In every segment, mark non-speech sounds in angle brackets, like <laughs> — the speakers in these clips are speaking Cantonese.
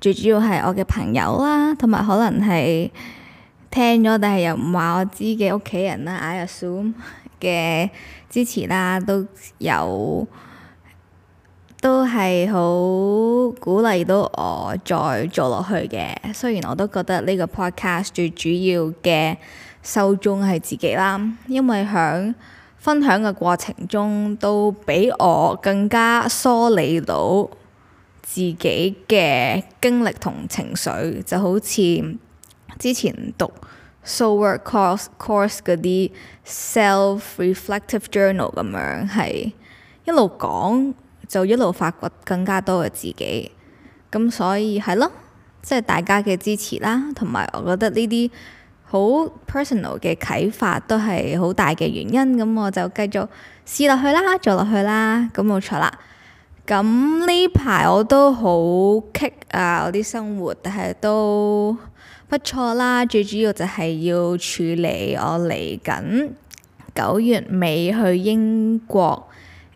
最主要係我嘅朋友啦，同埋可能係聽咗但係又唔話我知嘅屋企人啦，I assume 嘅支持啦，都有都係好鼓勵到我再做落去嘅。雖然我都覺得呢個 podcast 最主要嘅受眾係自己啦，因為喺分享嘅過程中都俾我更加梳理到自己嘅經歷同情緒，就好似之前讀 So Work Course Course 嗰啲 self reflective journal 咁樣，係一路講就一路發掘更加多嘅自己。咁所以係咯，即係大家嘅支持啦，同埋我覺得呢啲好 personal 嘅啟發都係好大嘅原因。咁我就繼續試落去啦，做落去啦，咁冇錯啦。咁呢排我都好 kick 啊！我啲生活，但係都不錯啦。最主要就係要處理我嚟緊九月尾去英國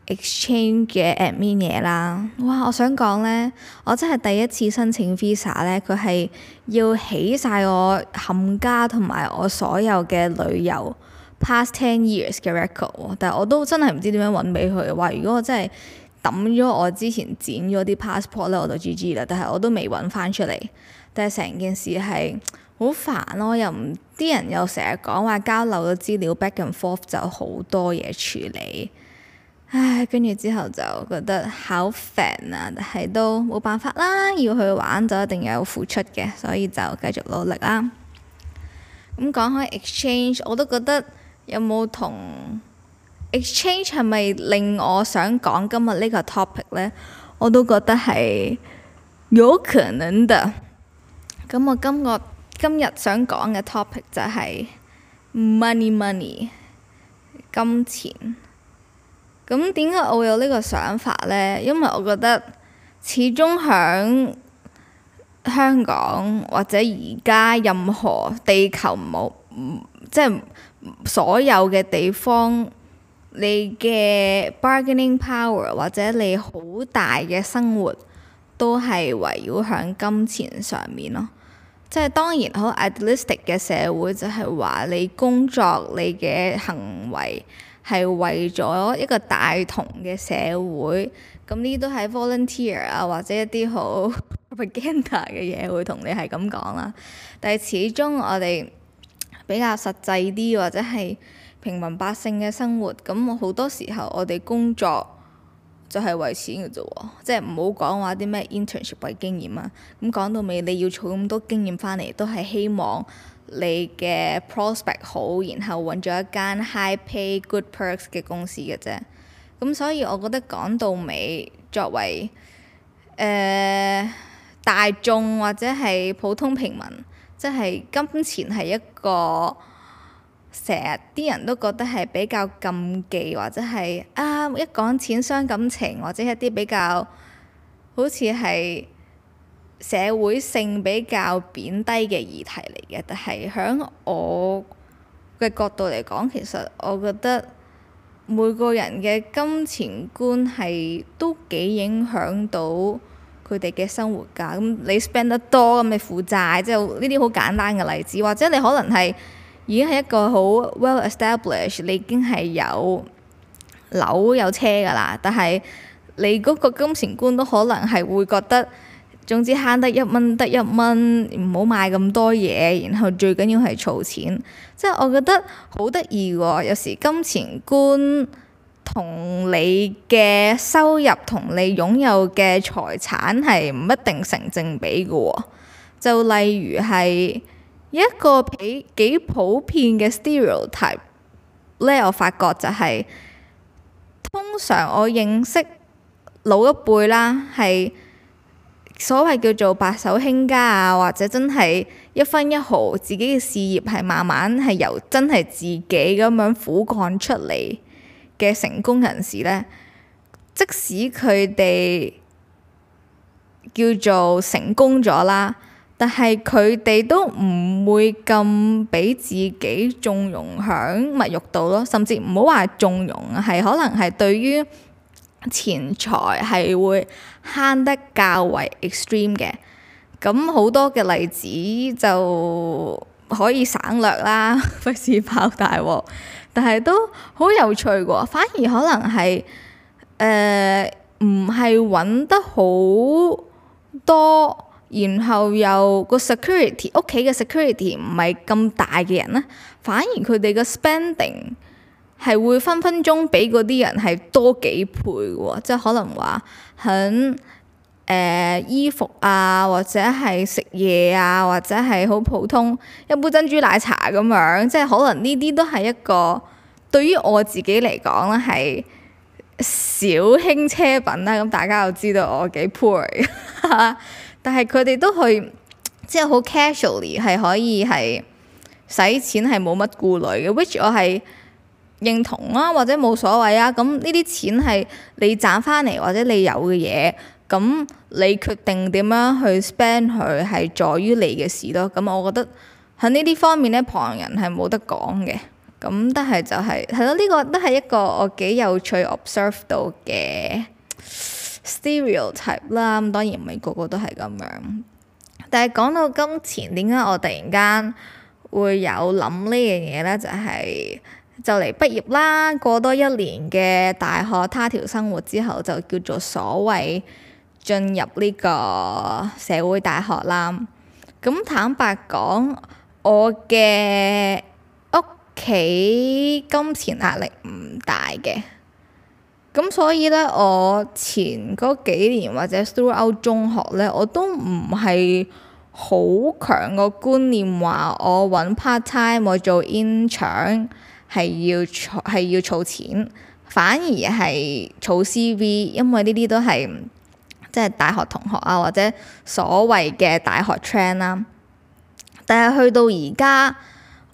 exchange 嘅 admin 嘢啦。哇！我想講呢，我真係第一次申請 visa 呢，佢係要起晒我冚家同埋我所有嘅旅遊 past ten years 嘅 record，但係我都真係唔知點樣揾俾佢，話如果我真係抌咗我之前剪咗啲 passport 咧，我就 GG 啦。但係我都未揾翻出嚟。但係成件事係好煩咯，又唔啲人又成日講話交流嘅資料 back and forth 就好多嘢處理。唉，跟住之後就覺得好煩啊，但係都冇辦法啦。要去玩就一定有付出嘅，所以就繼續努力啦。咁講開 exchange，我都覺得有冇同。Exchange 係咪令我想講今日呢個 topic 呢？我都覺得係有可能嘅。咁我今個今日想講嘅 topic 就係 money money 金錢。咁點解我有呢個想法呢？因為我覺得始終喺香港或者而家任何地球冇，即係所有嘅地方。你嘅 bargaining power 或者你好大嘅生活都係圍繞響金錢上面咯，即係當然好 idealistic 嘅社會就係話你工作你嘅行為係為咗一個大同嘅社會，咁呢啲都係 volunteer 啊或者一啲好 agenda 嘅嘢會同你係咁講啦，但係始終我哋比較實際啲或者係。平民百姓嘅生活，咁我好多時候我哋工作就係為錢嘅啫喎，即係唔好講話啲咩 internship 為經驗啊。咁講到尾，你要儲咁多經驗翻嚟，都係希望你嘅 prospect 好，然後揾咗一間 high pay good perks 嘅公司嘅啫。咁所以我覺得講到尾，作為誒、呃、大眾或者係普通平民，即係金錢係一個。成日啲人都覺得係比較禁忌，或者係啊，一講錢傷感情，或者一啲比較好似係社會性比較貶低嘅議題嚟嘅。但係喺我嘅角度嚟講，其實我覺得每個人嘅金錢觀係都幾影響到佢哋嘅生活噶。咁你 spend 得多咁你負債，即係呢啲好簡單嘅例子，或者你可能係。已經係一個好 well established，你已經係有樓有車㗎啦，但係你嗰個金錢觀都可能係會覺得，總之慳得一蚊得一蚊，唔好買咁多嘢，然後最緊要係儲錢。即係我覺得好得意喎，有時金錢觀同你嘅收入同你擁有嘅財產係唔一定成正比嘅喎，哦，就例如係。一個幾幾普遍嘅 stereotype 咧，我發覺就係、是、通常我認識老一輩啦，係所謂叫做白手興家啊，或者真係一分一毫自己嘅事業係慢慢係由真係自己咁樣苦幹出嚟嘅成功人士咧，即使佢哋叫做成功咗啦。但係佢哋都唔會咁俾自己縱容響物慾度咯，甚至唔好話縱容，係可能係對於錢財係會慳得較為 extreme 嘅。咁好多嘅例子就可以省略啦，費事爆大鑊。但係都好有趣喎，反而可能係誒唔係揾得好多。然後又個 security 屋企嘅 security 唔係咁大嘅人咧，反而佢哋嘅 spending 係會分分鐘比嗰啲人係多幾倍喎。哦，即係可能話喺誒衣服啊，或者係食嘢啊，或者係好普通一杯珍珠奶茶咁樣，即係可能呢啲都係一個對於我自己嚟講咧係小輕奢品啦，咁大家就知道我幾 poor <laughs> 但係佢哋都去即係好 casually 係可以係使錢係冇乜顧慮嘅 <noise> ，which 我係認同啊，或者冇所謂啊。咁呢啲錢係你賺翻嚟或者你有嘅嘢，咁、嗯、你決定點樣去 spend 佢係在於你嘅事咯。咁、嗯、我覺得喺呢啲方面咧，旁人係冇得講嘅。咁、嗯、都係就係係咯，呢、嗯呢個都係一個我幾有趣 observe 到嘅。stereotype 啦，咁當然唔係個個都係咁樣。但係講到金錢，點解我突然間會有諗呢樣嘢咧？就係、是、就嚟畢業啦，過多一年嘅大學他條生活之後，就叫做所謂進入呢個社會大學啦。咁坦白講，我嘅屋企金錢壓力唔大嘅。咁所以咧，我前嗰幾年或者 throughout 中學咧，我都唔係好強個觀念話我揾 part time 我做 intern 係要儲係要儲錢，反而係儲 CV，因為呢啲都係即係大學同學啊或者所謂嘅大學 train 啦、啊。但係去到而家。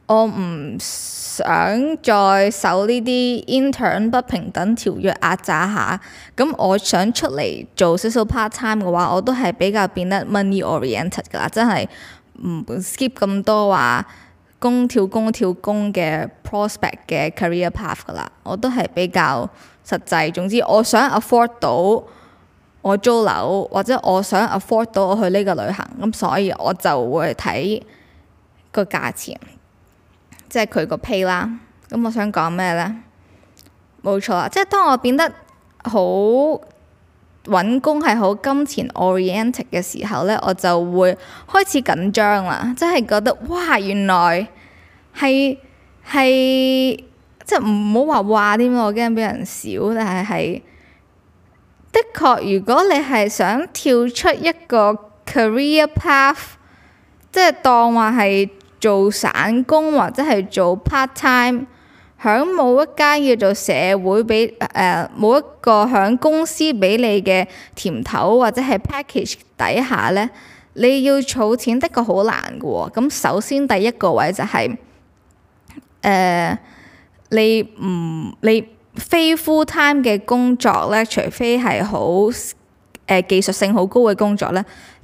我唔想再受呢啲 intern 不平等條約壓榨下，咁我想出嚟做少少 part time 嘅話，我都係比較變得 money oriented 㗎啦，真係唔 skip 咁多話工跳工跳工嘅 prospect 嘅 career path 㗎啦，我都係比較實際。總之，我想 afford 到我租樓，或者我想 afford 到我去呢個旅行，咁所以我就會睇個價錢。即係佢個 pay 啦，咁我想講咩呢？冇錯啊！即係當我變得好揾工係好金錢 orient 嘅時候呢，我就會開始緊張啦。即係覺得哇，原來係係即係唔好話話添咯，我驚俾人笑，但係係的確，如果你係想跳出一個 career path，即係當話係。做散工或者係做 part time，響某一間叫做社會俾誒，某一個響公司俾你嘅甜頭或者係 package 底下呢，你要儲錢的確好難嘅喎。咁首先第一個位就係誒，你唔你非 full time 嘅工作呢，除非係好誒技術性好高嘅工作呢。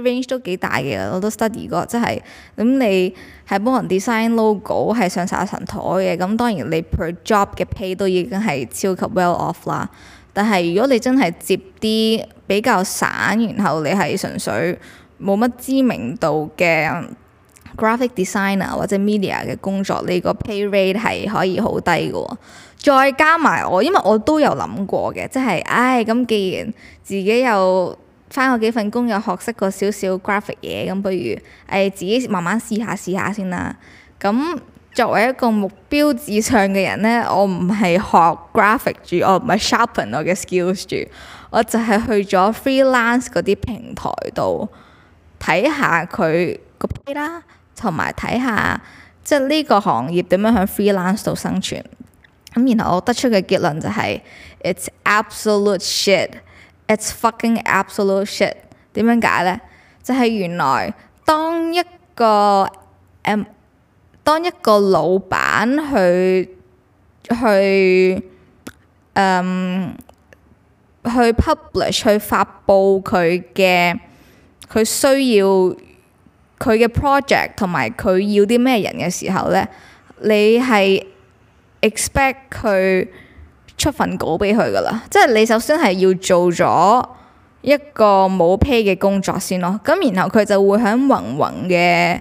range 都幾大嘅，我都 study 過，即係咁、嗯、你係幫人 design logo，係上晒神台嘅，咁、嗯、當然你 per job 嘅 pay 都已經係超級 well off 啦。但係如果你真係接啲比較散，然後你係純粹冇乜知名度嘅 graphic designer 或者 media 嘅工作，你個 pay rate 係可以好低噶。再加埋我，因為我都有諗過嘅，即係唉，咁、哎、既然自己有。翻我幾份工又學識個少少 graphic 嘢，咁不如誒、哎、自己慢慢試下試下先啦。咁作為一個目標至上嘅人呢，我唔係學 graphic 住，我唔係 sharpen 我嘅 skills 住，我就係去咗 freelance 嗰啲平台度睇下佢個 pay 啦，同埋睇下即係呢個行業點樣喺 freelance 度生存。咁然後我得出嘅結論就係、是，it's absolute shit。It's fucking absolute shit。點樣解咧？就係原來當一個 M，、呃、當一個老闆去去嗯、呃、去 publish 去發布佢嘅佢需要佢嘅 project 同埋佢要啲咩人嘅時候咧，你係 expect 佢？出份稿俾佢噶啦，即係你首先係要做咗一個冇 pay 嘅工作先咯，咁然後佢就會喺芸芸嘅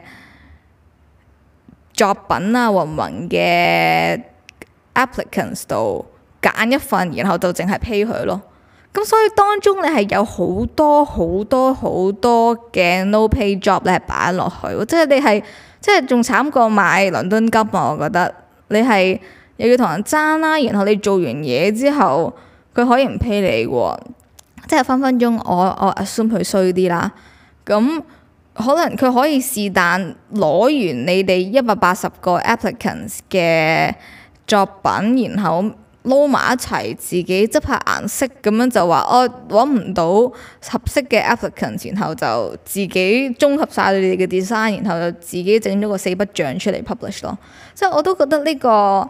作品啊、芸芸嘅 applicant 度揀一份，然後就淨係 pay 佢咯。咁所以當中你係有好多好多好多嘅 no pay job 你係擺落去，即係你係即係仲慘過買倫敦金啊！我覺得你係。又要同人爭啦、啊，然後你做完嘢之後，佢可以唔 pay 你喎、啊，即係分分鐘我我 assume 佢衰啲啦。咁、嗯、可能佢可以是但攞完你哋一百八十個 applicants 嘅作品，然後撈埋一齊，自己執下顏色咁樣就話哦，我揾唔到合適嘅 applicant，然後就自己綜合晒你哋嘅 design，然後就自己整咗個四不像出嚟 publish 咯。即係我都覺得呢、這個。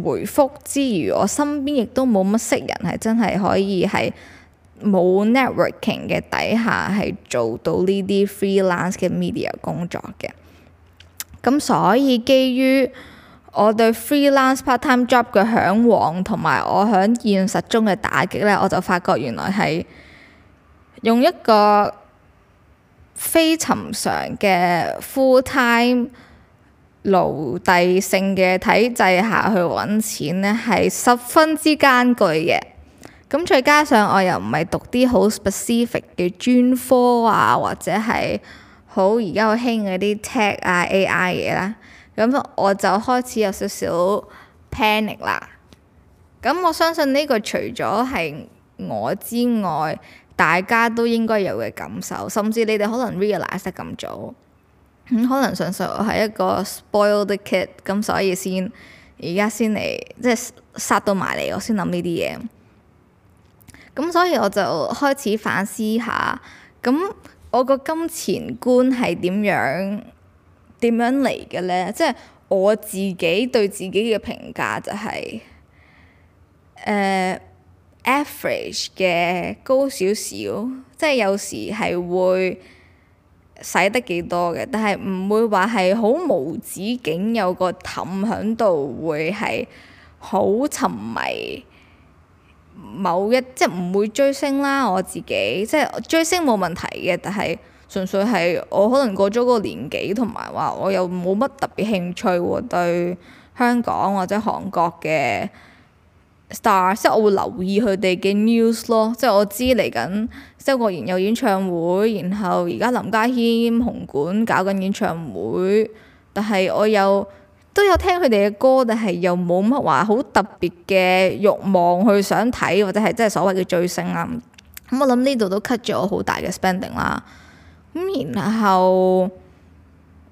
回覆之餘，我身邊亦都冇乜識人係真係可以係冇 networking 嘅底下係做到呢啲 freelance 嘅 media 工作嘅。咁所以基於我對 freelance part time job 嘅向往同埋我響現實中嘅打擊呢，我就發覺原來係用一個非尋常嘅 full time。奴隸性嘅體制下去揾錢呢，係十分之艱巨嘅。咁再加上我又唔係讀啲好 specific 嘅專科啊，或者係好而家好興嗰啲 tech 啊、AI 嘢啦、啊。咁我就開始有少少 panic 啦。咁我相信呢個除咗係我之外，大家都應該有嘅感受，甚至你哋可能 realize 得咁早。咁可能上世我係一個 spoiled kid，咁所以先而家先嚟，即係殺到埋嚟，我先諗呢啲嘢。咁所以我就開始反思下，咁我個金錢觀係點樣？點樣嚟嘅咧？即係我自己對自己嘅評價就係誒 average 嘅高少少，即係有時係會。使得幾多嘅，但係唔會話係好無止境，有個氹響度，會係好沉迷某一即係唔會追星啦。我自己即係追星冇問題嘅，但係純粹係我可能過咗個年紀，同埋話我又冇乜特別興趣，對香港或者韓國嘅。Star 即係我會留意佢哋嘅 news 咯，即係我知嚟緊周國賢有演唱會，然後而家林家謙紅館搞緊演唱會，但係我又都有聽佢哋嘅歌，但係又冇乜話好特別嘅慾望去想睇或者係即係所謂嘅追星啦。咁、嗯、 <laughs> 我諗呢度都 cut 咗我好大嘅 spending 啦。咁然後，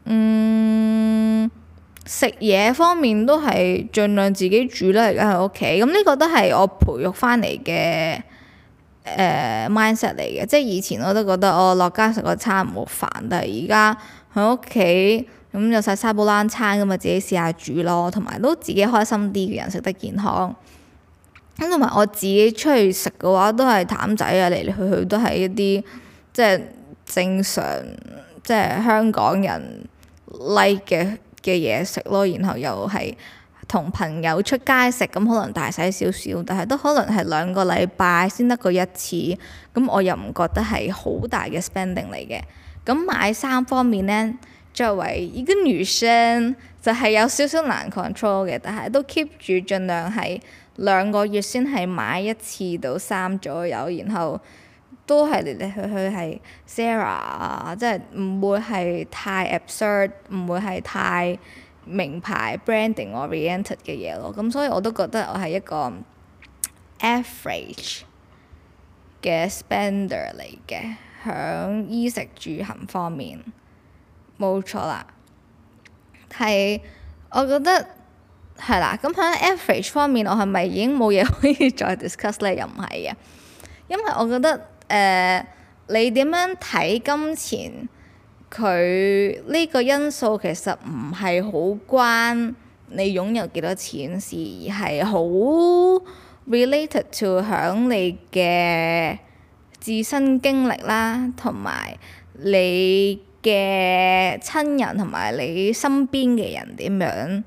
嗯。食嘢方面都係盡量自己煮啦，而家喺屋企咁呢個都係我培育返嚟嘅誒、呃、mindset 嚟嘅，即係以前我都覺得我落街食個餐唔好煩，但係而家喺屋企咁有晒沙煲冷餐咁啊，自己試下煮咯，同埋都自己開心啲嘅人食得健康。咁同埋我自己出去食嘅話，都係淡仔啊，嚟嚟去去都係一啲即係正常即係香港人 like 嘅。嘅嘢食咯，然後又係同朋友出街食，咁可能大洗少少，但係都可能係兩個禮拜先得過一次，咁我又唔覺得係好大嘅 spending 嚟嘅。咁買衫方面呢，作為一個女生就係、是、有少少難 control 嘅，但係都 keep 住盡量係兩個月先係買一次到衫左右，然後。都係嚟嚟去去係 Zara，即係唔會係太 absurd，唔會係太名牌 branding oriented 嘅嘢咯。咁所以我都覺得我係一個 average 嘅 spender 嚟嘅，響衣食住行方面冇錯啦。係我覺得係啦，咁響 average 方面，我係咪已經冇嘢可以再 discuss 咧？又唔係嘅，因為我覺得。誒，uh, 你點樣睇金錢？佢呢個因素其實唔係好關你擁有幾多錢事，而係好 related to 響你嘅自身經歷啦，同埋你嘅親人同埋你身邊嘅人點樣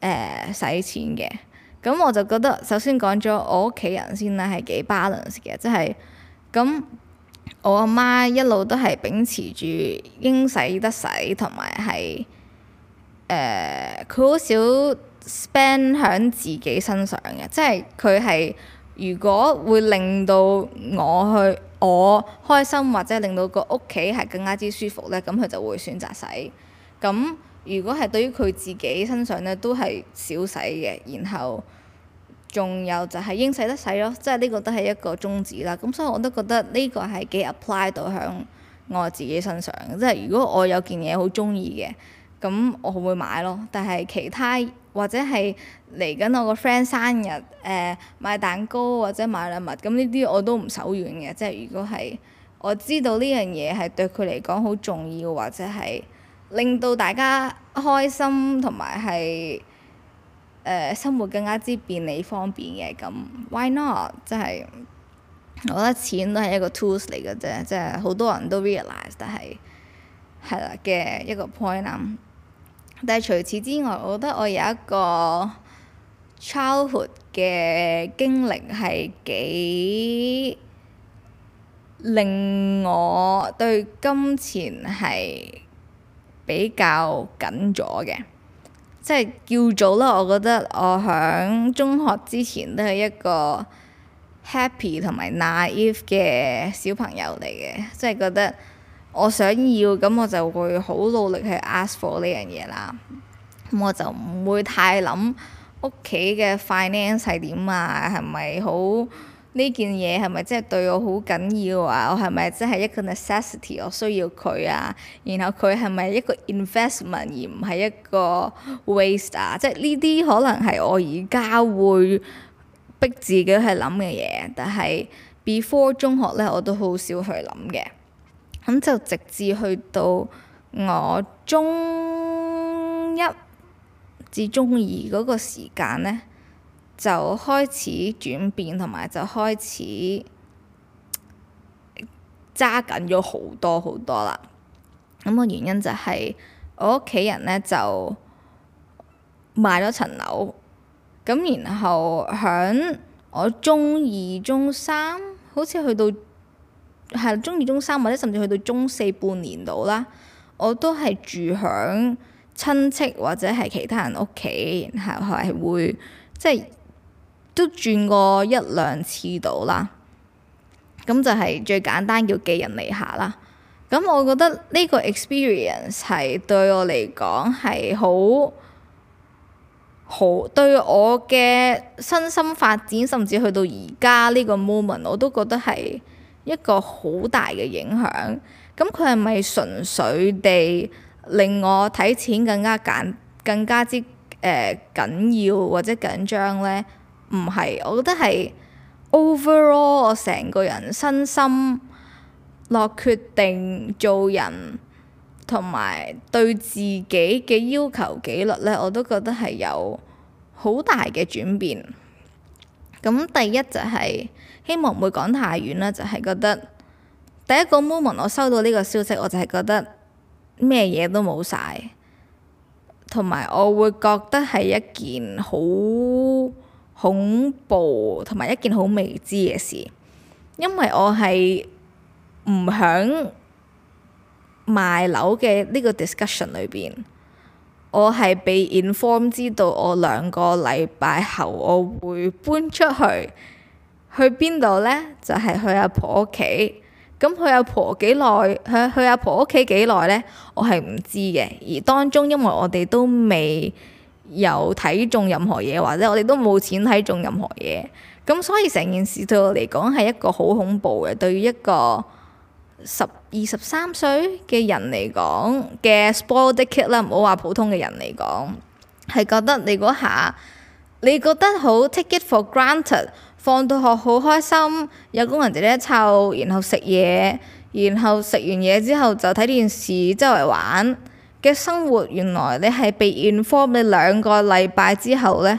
誒，uh, 使錢嘅。咁我就覺得，首先講咗我屋企人先啦，係幾 balance 嘅，即係。咁我阿媽一路都係秉持住應使得使，同埋係誒，佢好少 spend 喺自己身上嘅，即係佢係如果會令到我去我開心或者令到個屋企係更加之舒服咧，咁佢就會選擇使。咁如果係對於佢自己身上咧，都係少使嘅，然後。仲有就係應使得使咯，即係呢個都係一個宗旨啦。咁所以我都覺得呢個係幾 apply 到響我自己身上。即係如果我有件嘢好中意嘅，咁我會買咯。但係其他或者係嚟緊我個 friend 生日，誒、呃、買蛋糕或者買禮物，咁呢啲我都唔手軟嘅。即係如果係我知道呢樣嘢係對佢嚟講好重要，或者係令到大家開心同埋係。誒、呃、生活更加之便利方便嘅，咁 why not？即係我覺得錢都係一個 tools 嚟嘅啫，即係好多人都 realize 但係係啦嘅一個 point 啦。但係除此之外，我覺得我有一個 childhood 嘅經歷係幾令我對金錢係比較緊咗嘅。即係叫做啦，我覺得我響中學之前都係一個 happy 同埋 naive 嘅小朋友嚟嘅，即係覺得我想要咁我就會好努力去 ask for 呢樣嘢啦。咁我就唔會太諗屋企嘅 finance 係點啊，係咪好？呢件嘢係咪真係對我好緊要啊？我係咪真係一個 necessity？我需要佢啊。然後佢係咪一個 investment 而唔係一個 waste 啊？即係呢啲可能係我而家會逼自己去諗嘅嘢，但係 before 中學咧，我都好少去諗嘅。咁就直至去到我中一至中二嗰個時間咧。就開始轉變同埋就開始揸緊咗好多好多啦。咁、嗯、個原因就係我屋企人咧就賣咗層樓，咁然後響我中二、中三，好似去到係中二、中三或者甚至去到中四半年度啦，我都係住響親戚或者係其他人屋企，然後係會即係。都轉過一兩次到啦，咁就係最簡單叫寄人籬下啦。咁我覺得呢個 experience 係對我嚟講係好好對我嘅身心發展，甚至去到而家呢個 moment，我都覺得係一個好大嘅影響。咁佢係咪純粹地令我睇錢更加緊、更加之誒緊要或者緊張呢？唔係，我覺得係 overall，我成個人身心落決定做人，同埋對自己嘅要求、紀律呢，我都覺得係有好大嘅轉變。咁第一就係、是、希望唔會講太遠啦，就係、是、覺得第一個 moment 我收到呢個消息，我就係覺得咩嘢都冇晒，同埋我會覺得係一件好恐怖同埋一件好未知嘅事，因為我係唔響賣樓嘅呢個 discussion 裏邊，我係被 inform 知道我兩個禮拜後我會搬出去，去邊度咧？就係去阿婆屋企。咁去阿婆幾耐？去阿婆屋企幾耐咧？我係唔知嘅。而當中因為我哋都未。有睇中任何嘢，或者我哋都冇錢睇中任何嘢，咁所以成件事對我嚟講係一個好恐怖嘅，對於一個十二十三歲嘅人嚟講嘅 spoiled kid 啦，唔好話普通嘅人嚟講，係覺得你嗰下，你覺得好 take it for granted，放咗學好開心，有工人姐姐湊，然後食嘢，然後食完嘢之後就睇電視，周圍玩。嘅生活原來你係被 inform，你兩個禮拜之後咧，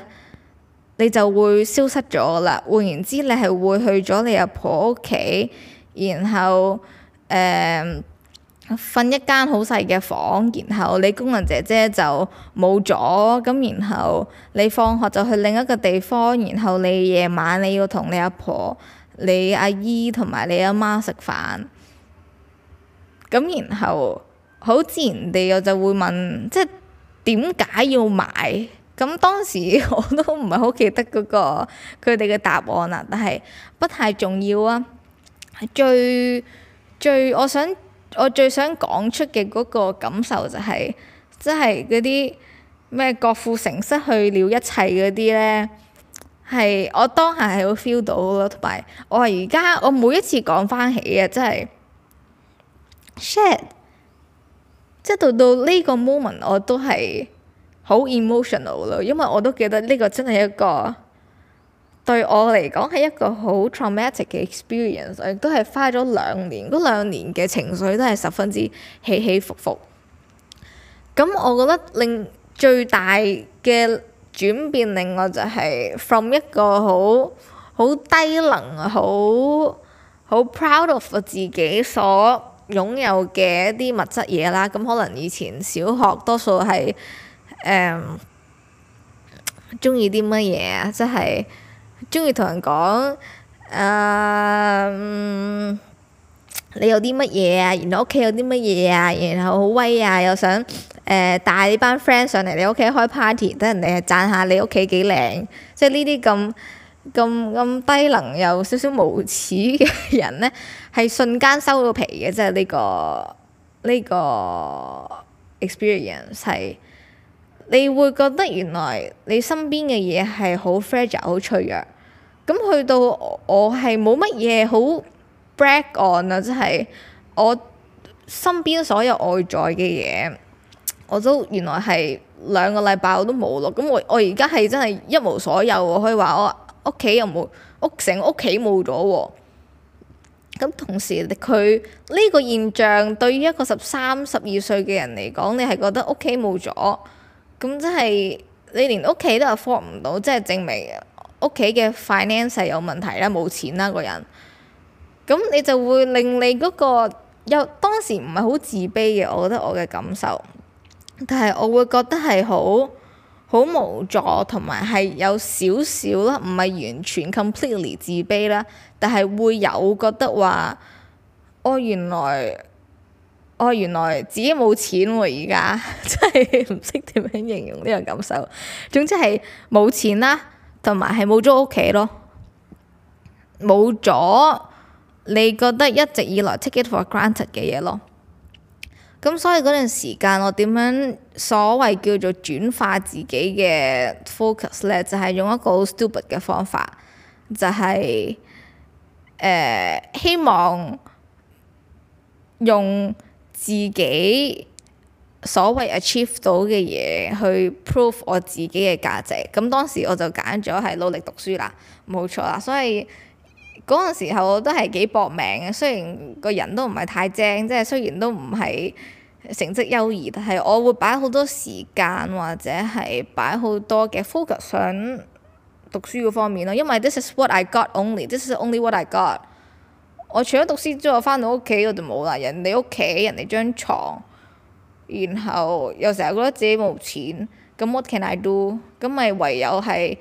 你就會消失咗啦。換言之，你係會去咗你阿婆屋企，然後誒瞓、呃、一間好細嘅房，然後你工人姐姐就冇咗，咁然後你放學就去另一個地方，然後你夜晚你要同你阿婆、你阿姨同埋你阿媽食飯，咁然後。好自然地，我就會問，即係點解要買？咁當時我都唔係好記得嗰、那個佢哋嘅答案啦，但係不太重要啊。最最我想我最想講出嘅嗰個感受就係、是，即係嗰啲咩郭富城失去了一切嗰啲咧，係我當下係會 feel 到咯，同埋我而家我每一次講返起啊，真係 shit。即係到到呢個 moment，我都係好 emotional 咯，因為我都記得呢個真係一個對我嚟講係一個好 traumatic 嘅 experience，我亦都係花咗兩年，嗰兩年嘅情緒都係十分之起起伏伏。咁我覺得令最大嘅轉變，令我就係 from 一個好好低能，好好 proud of 自己所擁有嘅一啲物質嘢啦，咁可能以前小學多數係誒中意啲乜嘢，即係中意同人講誒、嗯、你有啲乜嘢啊，然後屋企有啲乜嘢啊，然後好威啊，又想誒、呃、帶呢班 friend 上嚟你屋企開 party，等人哋讚下你屋企幾靚，即係呢啲咁。咁咁低能又少少無恥嘅人咧，係瞬間收到皮嘅，即係呢個呢個 experience 係，你會覺得原來你身邊嘅嘢係好 fragile，好脆弱。咁去到我係冇乜嘢好 break on 啊！即係我身邊所有外在嘅嘢，我都原來係兩個禮拜我都冇咯。咁我我而家係真係一無所有，我可以話我。屋企又冇，屋成屋企冇咗喎。咁同時，佢呢個現象對於一個十三、十二歲嘅人嚟講，你係覺得屋企冇咗，咁即係你連屋企都係 follow 唔到，即係證明屋企嘅 finance 有問題啦，冇錢啦，個人。咁你就會令你嗰個有當時唔係好自卑嘅，我覺得我嘅感受。但係我會覺得係好。好無助同埋係有少少咯，唔係完全 completely 自卑啦，但係會有覺得話，哦原來，哦原來自己冇錢喎，啊，而家真係唔識點樣形容呢個感受。總之係冇錢啦，啊，同埋係冇咗屋企咯，冇咗你覺得一直以來 take it for granted 嘅嘢咯。咁所以嗰段時間我點樣所謂叫做轉化自己嘅 focus 咧，就係、是、用一個好 stupid 嘅方法，就係、是、誒、呃、希望用自己所謂 achieve 到嘅嘢去 prove 我自己嘅價值。咁當時我就揀咗係努力讀書啦，冇錯啦。所以嗰陣時候我都係幾搏命嘅，雖然個人都唔係太正，即係雖然都唔係。成績優異，但係我會擺好多時間或者係擺好多嘅 focus 上讀書嗰方面咯。因為 this is what I got only，this is only what I got。我除咗讀書之外，翻到屋企我就冇啦。人哋屋企人哋張床，然後又成日覺得自己冇錢，咁 what can I do？咁咪唯有係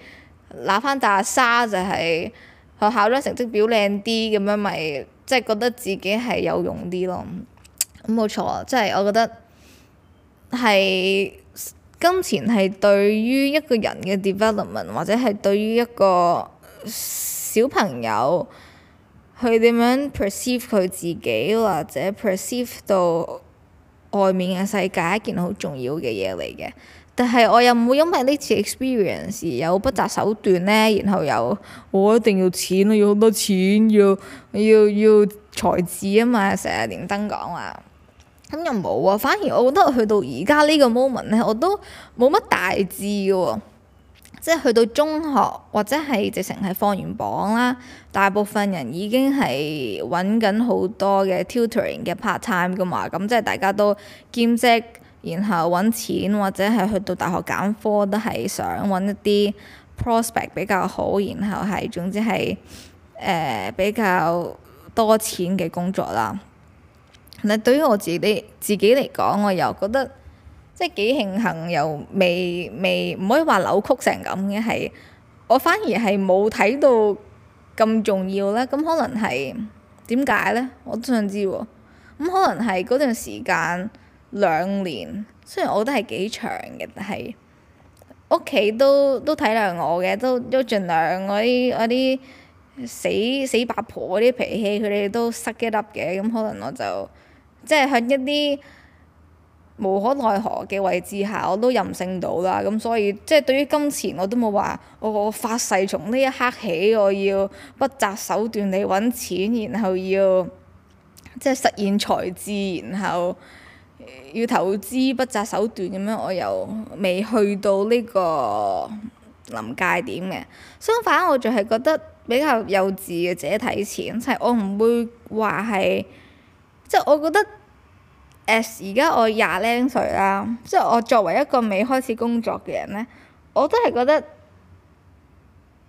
攞翻大沙就係、是、學校張成績表靚啲，咁樣咪即係覺得自己係有用啲咯。咁冇錯，即係我覺得係金錢係對於一個人嘅 development，或者係對於一個小朋友去點樣 perceive 佢自己，或者 perceive 到外面嘅世界，一件好重要嘅嘢嚟嘅。但係我又唔會因為呢次 experience 有不擇手段咧，然後有「嗯、我一定要錢啊，要好多錢，要要要，要才智啊嘛，成日連登講話、啊。咁又冇啊，反而我覺得去到而家呢個 moment 咧，我都冇乜大志喎、啊。即係去到中學或者係直情係放完榜啦，大部分人已經係揾緊好多嘅 tutoring 嘅 part time 噶嘛。咁、嗯、即係大家都兼職，然後揾錢或者係去到大學揀科都係想揾一啲 prospect 比較好，然後係總之係誒、呃、比較多錢嘅工作啦。嗱，但對於我自己自己嚟講，我又覺得即係幾慶幸，又未未唔可以話扭曲成咁嘅係，我反而係冇睇到咁重要啦。咁可能係點解咧？我都想知喎。咁可能係嗰段時間兩年，雖然我都係幾長嘅，但係屋企都都體諒我嘅，都都盡量我啲我啲死死八婆嗰啲脾氣，佢哋都塞一粒嘅。咁可能我就～即係喺一啲無可奈何嘅位置下，我都任性到啦，咁所以即係對於金錢我都冇話我我發誓從呢一刻起我要不擇手段嚟揾錢，然後要即係實現財資，然後要投資不擇手段咁樣，我又未去到呢個臨界點嘅。相反，我就係覺得比較幼稚嘅自己睇錢，即係我唔會話係。即係我覺得，誒，而家我廿零歲啦，即係我作為一個未開始工作嘅人咧，我都係覺得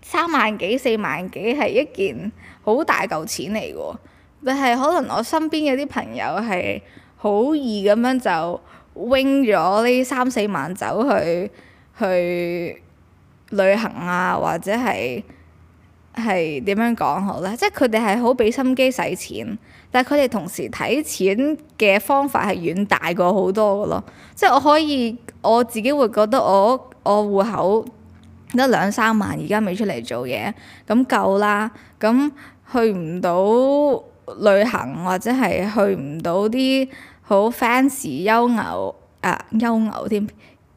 三萬幾四萬幾係一件好大嚿錢嚟嘅喎。但係可能我身邊有啲朋友係好易咁樣就 wing 咗呢三四萬走去去旅行啊，或者係係點樣講好咧？即係佢哋係好俾心機使錢。但係佢哋同時睇錢嘅方法係遠大過好多噶咯，即係我可以我自己會覺得我我戶口得兩三萬，而家未出嚟做嘢，咁夠啦。咁去唔到旅行或者係去唔到啲好 fancy 優牛啊優牛添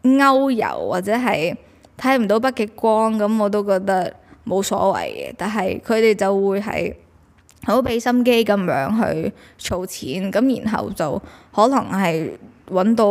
歐遊，或者係睇唔到北極光，咁我都覺得冇所謂嘅。但係佢哋就會係。好俾心機咁樣去儲錢，咁然後就可能係揾到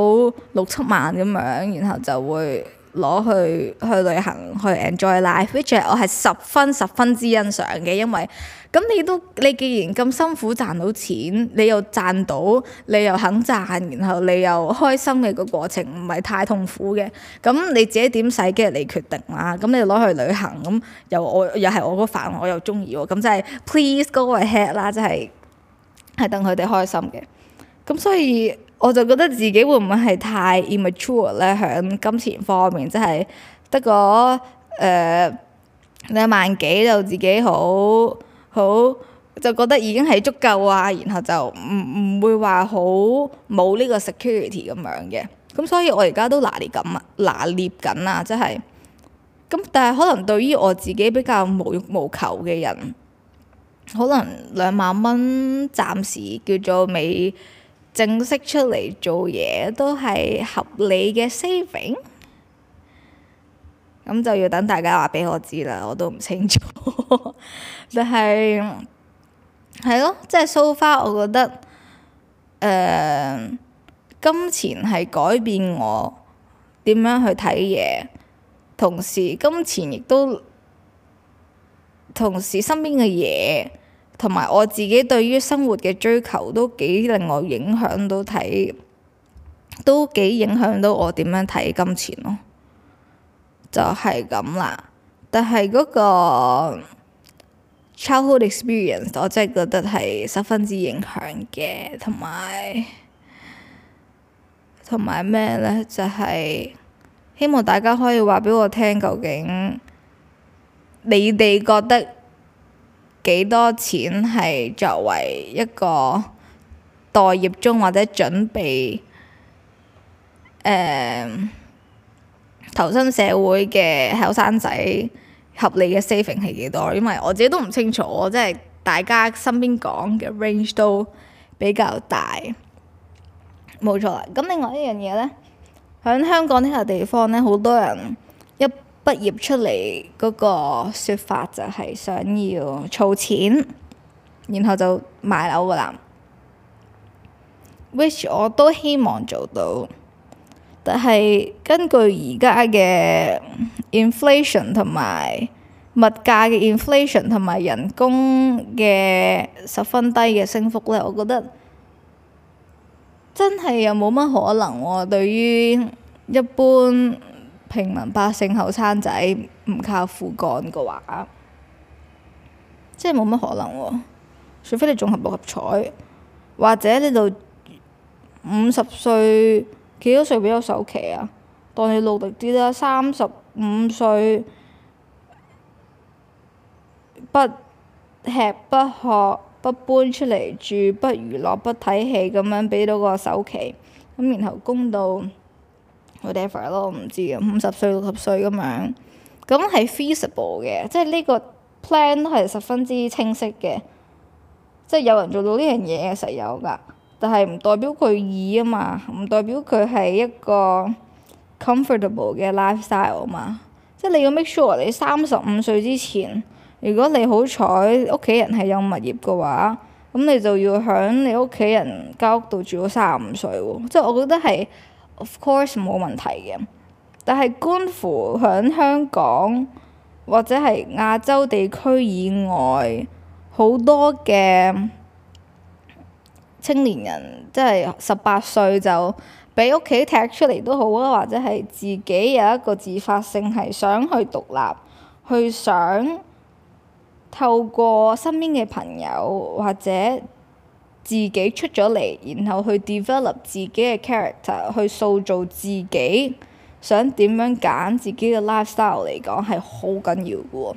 六七萬咁樣，然後就會，攞去去旅行去 enjoy life，which 我係十分十分之欣賞嘅，因為，咁你都你既然咁辛苦賺到錢，你又賺到，你又肯賺，然後你又開心嘅，這個過程唔係太痛苦嘅，咁你自己點使嘅嚟決定啦。咁你攞去旅行，咁又我又係我個範，我又中意，咁就係 please go ahead 啦，就是，就係，係等佢哋開心嘅。咁所以。我就覺得自己會唔會係太 immature 咧，響金錢方面，即係、就是、得嗰誒兩萬幾，就自己好好就覺得已經係足夠啊，然後就唔唔會話好冇呢個 security 咁樣嘅，咁所以我而家都拿捏緊啊，拿捏緊啊，即係咁，但係可能對於我自己比較無欲無求嘅人，可能兩萬蚊暫時叫做美。正式出嚟做嘢都係合理嘅 saving，咁就要等大家話俾我知啦，我都唔清楚。但係係咯，即係 so far，我覺得誒金錢係改變我點樣去睇嘢，同時金錢亦都同時身邊嘅嘢。同埋我自己對於生活嘅追求都幾令我影響到睇，都幾影響到我點樣睇金錢咯。就係咁啦。但係嗰個 childhood experience，我真係覺得係十分之影響嘅，同埋同埋咩呢？就係、是、希望大家可以話畀我聽，究竟你哋覺得？幾多錢係作為一個待業中或者準備誒投身社會嘅後生仔合理嘅 saving 係幾多？因為我自己都唔清楚，我即係大家身邊講嘅 range 都比較大。冇錯啦，咁另外一樣嘢咧，喺香港呢個地方咧，好多人。畢業出嚟嗰個説法就係想要儲錢，然後就買樓噶啦。 <music> Which 我都希望做到，但係根據而家嘅 inflation 同埋物價嘅 inflation 同埋人工嘅十分低嘅升幅咧，我覺得真係又冇乜可能喎、哦。對於一般。平民百姓後生仔唔靠父幹嘅話，即係冇乜可能喎，啊。除非你中六合彩，或者你到五十歲幾多歲俾個首期啊，當你努力啲啦，三十五歲不吃不喝不搬出嚟住不娛樂不睇戲咁樣俾到個首期，咁然後供到。whatever 咯，我唔知嘅五十歲六十歲咁樣，咁係 feasible 嘅，即係呢個 plan 都係十分之清晰嘅，即係有人做到呢樣嘢係實有㗎，但係唔代表佢易啊嘛，唔代表佢係一個 comfortable 嘅 lifestyle 嘛，即係你要 make sure 你三十五歲之前，如果你好彩屋企人係有物業嘅話，咁你就要喺你屋企人間屋度住到三十五歲喎，即係我覺得係。Of course, 冇問題嘅，但係觀乎響香港或者係亞洲地區以外，好多嘅青年人，即係十八歲就俾屋企踢出嚟都好啊，或者係自己有一個自發性係想去獨立，去想透過身邊嘅朋友或者。自己出咗嚟，然後去 develop 自己嘅 character，去塑造自己想點樣揀自己嘅 lifestyle 嚟講係好緊要嘅喎，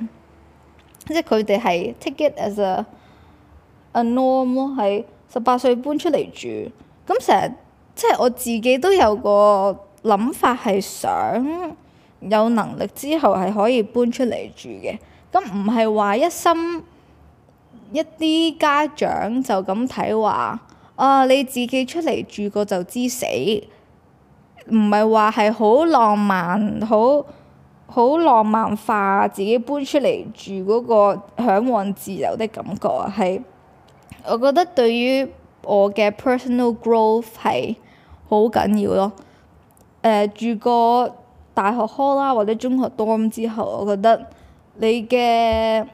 即係佢哋係 take it as a, a norm 咯，係十八歲搬出嚟住，咁成日即係我自己都有個諗法係想有能力之後係可以搬出嚟住嘅，咁唔係話一心。一啲家長就咁睇話，啊你自己出嚟住過就知死，唔係話係好浪漫，好好浪漫化自己搬出嚟住嗰個嚮往自由的感覺啊！係，我覺得對於我嘅 personal growth 係好緊要咯、呃。住過大學科啦，或者中學多 o 之後，我覺得你嘅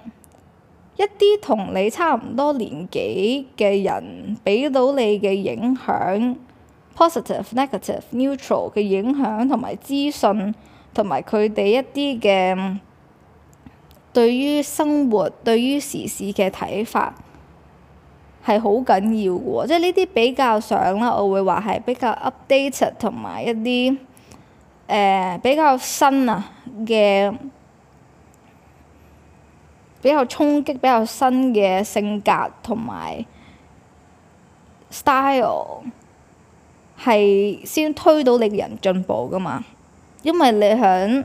一啲同你差唔多年紀嘅人俾到你嘅影響，positive、negative、neutral 嘅影響同埋資訊，同埋佢哋一啲嘅對於生活、對於時事嘅睇法係好緊要嘅喎，即係呢啲比較上啦，我會話係比較 updated 同埋一啲誒、呃、比較新啊嘅。比較衝擊、比較新嘅性格同埋 style，係先推到你人進步㗎嘛。因為你喺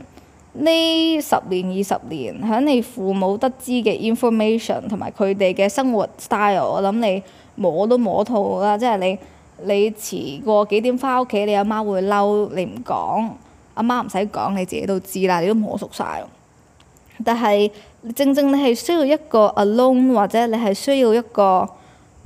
呢十年二十年，喺你父母得知嘅 information 同埋佢哋嘅生活 style，我諗你摸都摸到啦。即係你你遲過幾點返屋企，你阿媽會嬲你唔講，阿媽唔使講，你自己都知啦。你都摸熟晒咯。但係，正正你係需要一個 alone，或者你係需要一個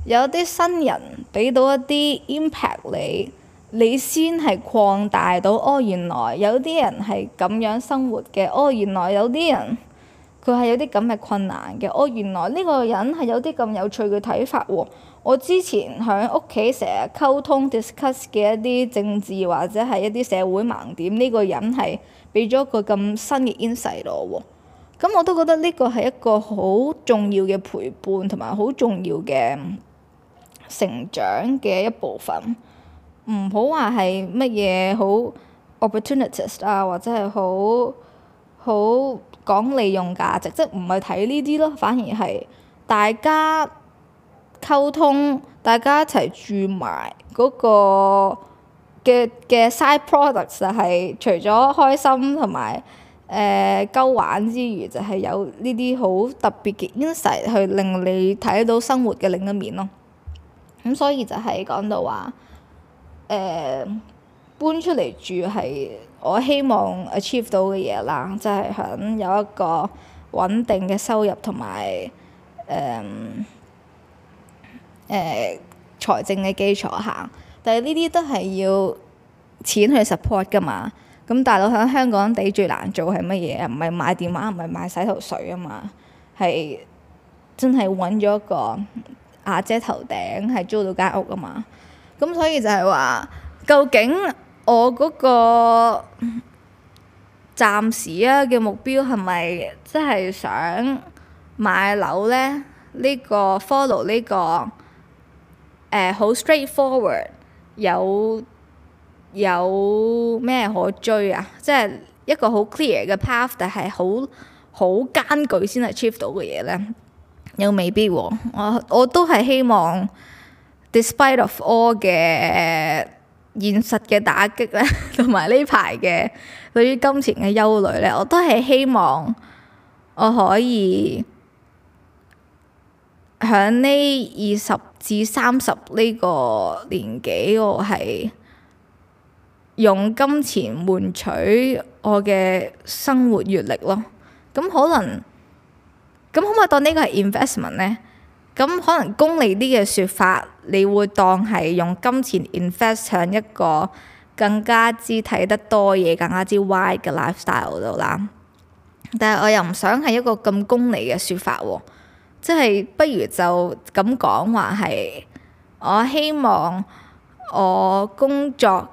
有啲新人畀到一啲 impact 你，你先係擴大到哦。原來有啲人係咁樣生活嘅。哦，原來有啲人佢係有啲咁嘅困難嘅。哦，原來呢個人係有啲咁有趣嘅睇法喎。我之前喺屋企成日溝通 discuss 嘅一啲政治或者係一啲社會盲點，呢個人係俾咗個咁新嘅 insight 我喎。咁我都覺得呢個係一個好重要嘅陪伴同埋好重要嘅成長嘅一部分，唔好話係乜嘢好 opportunities 啊，或者係好好講利用價值，即係唔係睇呢啲咯，反而係大家溝通，大家一齊住埋嗰個嘅嘅 side products 就係除咗開心同埋。誒，夠、呃、玩之餘就係、是、有呢啲好特別嘅 insight 去令你睇到生活嘅另一面咯。咁、嗯、所以就係講到話，誒、呃、搬出嚟住係我希望 achieve 到嘅嘢啦，即係響有一個穩定嘅收入同埋誒誒財政嘅基礎下。但係呢啲都係要錢去 support 㗎嘛。咁大佬喺香港地最難做係乜嘢啊？唔係買電話，唔係買洗頭水啊嘛，係真係揾咗個阿姐頭頂，係租到間屋啊嘛。咁所以就係話，究竟我嗰個暫時啊嘅目標係咪即係想買樓呢？呢、呢個 follow 呢、呢個誒好、呃、straightforward 有。有咩可追啊？即係一個好 clear 嘅 path，但係好好艱巨先係 achieve 到嘅嘢咧，又未必喎、啊。我我都係希望，despite of all 嘅現實嘅打擊咧，同埋呢排嘅對於金錢嘅憂慮咧，我都係希望我可以喺呢二十至三十呢個年紀，我係。用金錢換取我嘅生活閲歷咯，咁、嗯、可能，咁可唔可以當呢個係 investment 呢？咁、嗯、可能功利啲嘅説法，你會當係用金錢 invest 上一個更加之睇得多嘢、更加之 wide 嘅 lifestyle 度啦。但係我又唔想係一個咁功利嘅説法喎，即係不如就咁講話係我希望我工作。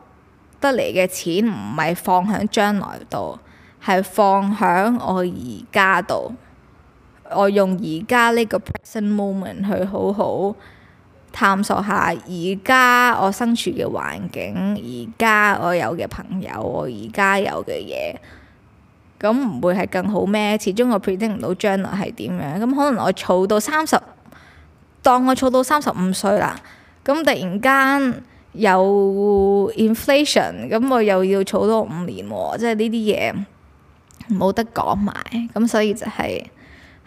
得嚟嘅錢唔係放喺將來度，係放喺我而家度。我用而家呢個 present moment 去好好探索下而家我身處嘅環境，而家我有嘅朋友，我而家有嘅嘢，咁唔會係更好咩？始終我 predict 唔到將來係點樣。咁可能我儲到三十，當我儲到三十五歲啦，咁突然間。有 inflation，咁我又要儲多五年喎，即係呢啲嘢冇得講埋，咁所以就係、係、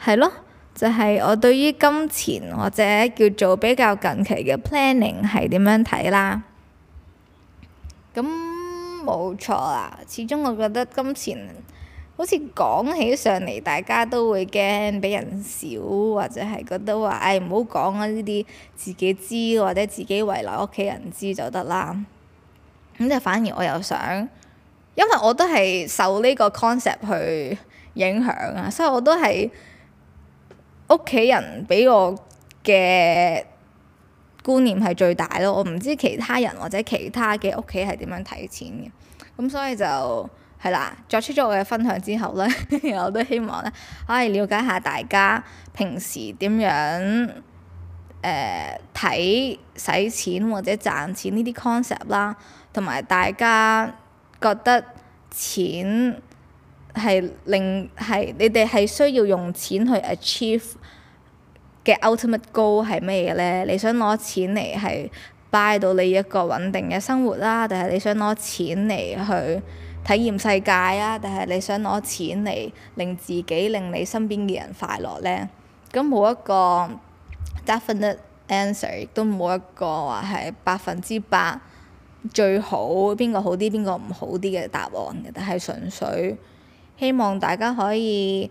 係、嗯、咯，就係、係、我對於金錢或者叫做比較近期嘅 planning 係點樣睇啦。咁冇、嗯、錯啦，始終我覺得金錢。好似講起上嚟，大家都會驚俾人笑，或者係覺得話，唉，唔好講啊！呢啲自己知或者自己維留屋企人知就得啦。咁就反而我又想，因為我都係受呢個 concept 去影響啊，所以我都係屋企人俾我嘅觀念係最大咯。我唔知其他人或者其他嘅屋企係點樣睇錢嘅，咁所以就。係啦，作出咗我嘅分享之後咧， <laughs> 我都希望咧可以了解下大家平時點樣誒睇使錢或者賺錢呢啲 concept 啦，同埋大家覺得錢係令係你哋係需要用錢去 achieve 嘅 ultimate goal 係咩嘢咧？你想攞錢嚟係 buy 到你一個穩定嘅生活啦，定係你想攞錢嚟去？體驗世界啊！定係你想攞錢嚟令自己、令你身邊嘅人快樂呢？咁冇一個 definite answer，亦都冇一個話係百分之百最好，邊個好啲、邊個唔好啲嘅答案嘅，但係純粹希望大家可以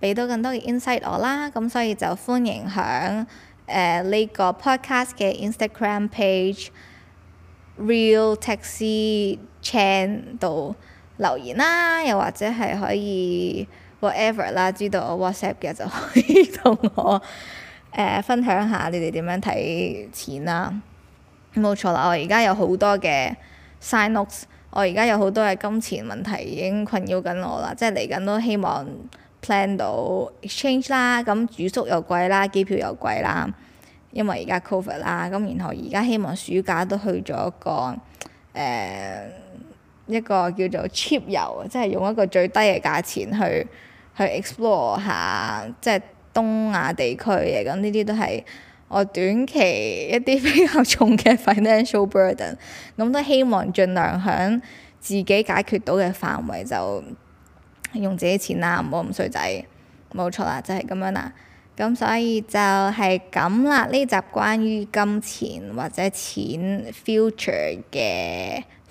俾到更多嘅 insight 我啦。咁所以就歡迎喺誒呢個 podcast 嘅 Instagram page Real Taxi channel 留言啦，又或者係可以 whatever 啦，知道我 WhatsApp 嘅就可以同我誒、呃、分享下你哋點樣睇錢啦。冇錯啦，我而家有好多嘅 signups，我而家有好多嘅金錢問題已經困擾緊我啦。即係嚟緊都希望 plan 到 exchange 啦，咁住宿又貴啦，機票又貴啦，因為而家 COVID 啦，咁然後而家希望暑假都去咗一個誒，呃一個叫做 cheap 遊，即係用一個最低嘅價錢去去 explore 下，即係東亞地區嘅咁，呢啲都係我短期一啲比較重嘅 financial burden，咁都希望盡量喺自己解決到嘅範圍就用自己錢啦，唔好咁衰仔，冇錯啦，就係咁樣啦。咁所以就係咁啦，呢集關於金錢或者錢 future 嘅。